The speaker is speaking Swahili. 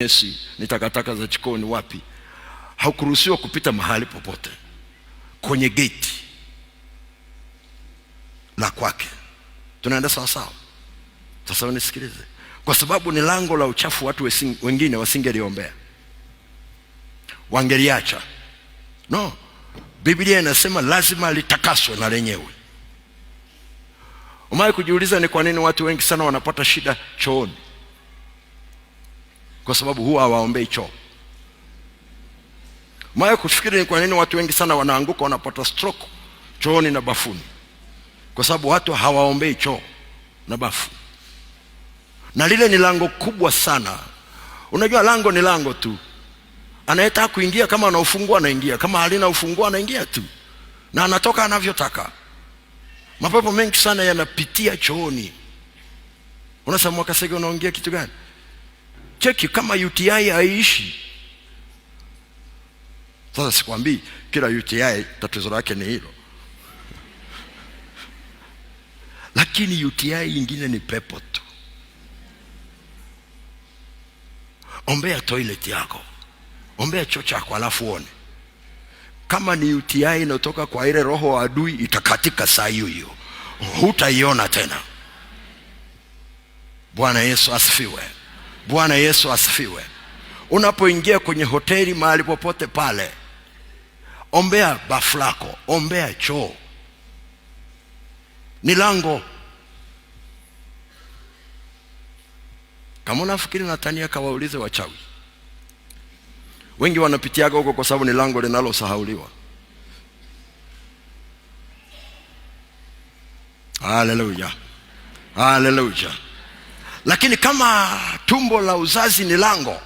gesi ni takataka za chikoni wapi, hakuruhusiwa kupita mahali popote kwenye geti la kwake. Tunaenda sawa sawa? Sasa unisikilize, kwa sababu ni lango la uchafu. Watu wengine wasingeliombea wangeliacha. No, Biblia inasema lazima litakaswe na lenyewe. Umewahi kujiuliza ni kwa nini watu wengi sana wanapata shida chooni? kwa sababu huwa hawaombei choo. Maya kufikiri ni kwa nini watu wengi sana wanaanguka wanapata stroke chooni na bafuni? Kwa sababu watu hawaombei choo na bafu, na lile ni lango kubwa sana. Unajua, lango ni lango tu, anayetaka kuingia kama ana anaingia, kama halina ufungua anaingia tu, na anatoka anavyotaka. Mapepo mengi sana yanapitia chooni. Unasema mwaka Mwakasege, unaongea kitu gani? cheki kama UTI haiishi. Sasa sikwambii kila UTI tatizo lake ni hilo, lakini UTI nyingine ni pepo tu. Ombea toilet yako, ombea choo chako, alafu uone kama ni UTI inayotoka kwa ile roho wa adui, itakatika saa hiyo hiyo, hutaiona tena. Bwana Yesu asifiwe. Bwana Yesu asifiwe. Unapoingia kwenye hoteli mahali popote pale, ombea bafu lako, ombea choo, ni lango. Kama unafikiri Natania kawaulize wachawi, wengi wanapitiaga huko kwa sababu ni lango linalosahauliwa. Haleluya, haleluya. Lakini kama Tumbo la uzazi ni lango.